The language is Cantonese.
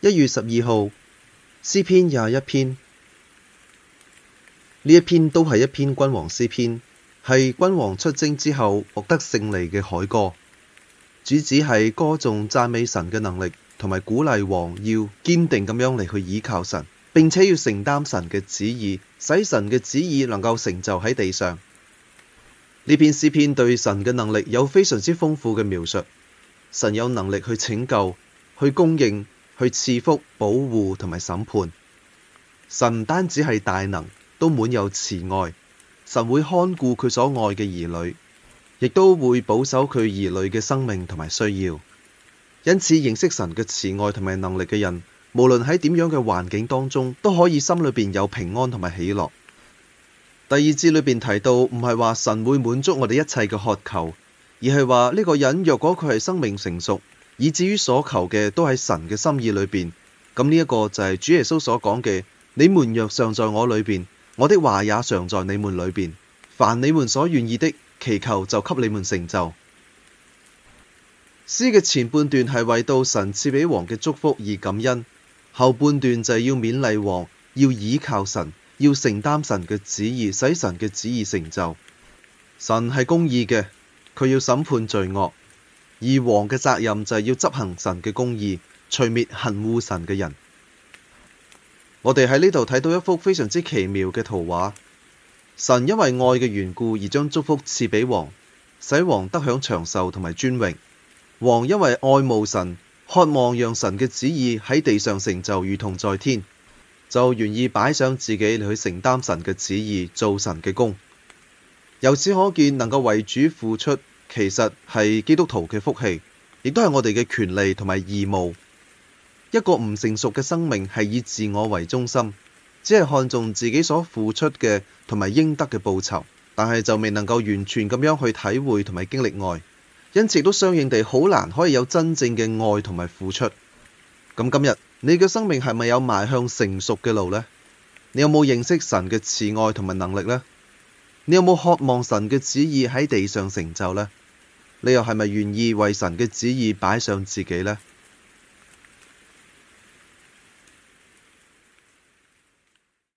一月十二號，詩篇廿一篇，呢一篇都係一篇君王詩篇，係君王出征之後獲得勝利嘅凱歌，主旨係歌頌讚美神嘅能力，同埋鼓勵王要堅定咁樣嚟去倚靠神，並且要承擔神嘅旨意，使神嘅旨意能夠成就喺地上。呢篇詩篇對神嘅能力有非常之豐富嘅描述，神有能力去拯救、去供應。去賜福、保護同埋審判，神唔單止係大能，都滿有慈愛。神會看顧佢所愛嘅兒女，亦都會保守佢兒女嘅生命同埋需要。因此，認識神嘅慈愛同埋能力嘅人，無論喺點樣嘅環境當中，都可以心裏邊有平安同埋喜樂。第二節裏邊提到，唔係話神會滿足我哋一切嘅渴求，而係話呢個人若果佢係生命成熟，以至於所求嘅都喺神嘅心意裏邊，咁呢一個就係主耶穌所講嘅：你們若常在我裏邊，我的話也常在你們裏邊，凡你們所願意的，祈求就給你們成就。詩嘅前半段係為到神賜俾王嘅祝福而感恩，後半段就係要勉勵王要倚靠神，要承擔神嘅旨意，使神嘅旨意成就。神係公義嘅，佢要審判罪惡。而王嘅責任就係要執行神嘅公義，除滅恨惡神嘅人。我哋喺呢度睇到一幅非常之奇妙嘅圖畫。神因為愛嘅緣故而將祝福賜俾王，使王得享長壽同埋尊榮。王因為愛慕神，渴望讓神嘅旨意喺地上成就，如同在天，就願意擺上自己嚟去承擔神嘅旨意，做神嘅工。由此可見，能夠為主付出，其實係基督徒嘅福氣，亦都係我哋嘅權利同埋義務。一個唔成熟嘅生命係以自我為中心，只係看重自己所付出嘅同埋應得嘅報酬，但係就未能夠完全咁樣去體會同埋經歷愛，因此都相應地好難可以有真正嘅愛同埋付出。咁今日你嘅生命係咪有邁向成熟嘅路呢？你有冇認識神嘅慈愛同埋能力呢？你有冇渴望神嘅旨意喺地上成就咧？你又係咪願意為神嘅旨意擺上自己咧？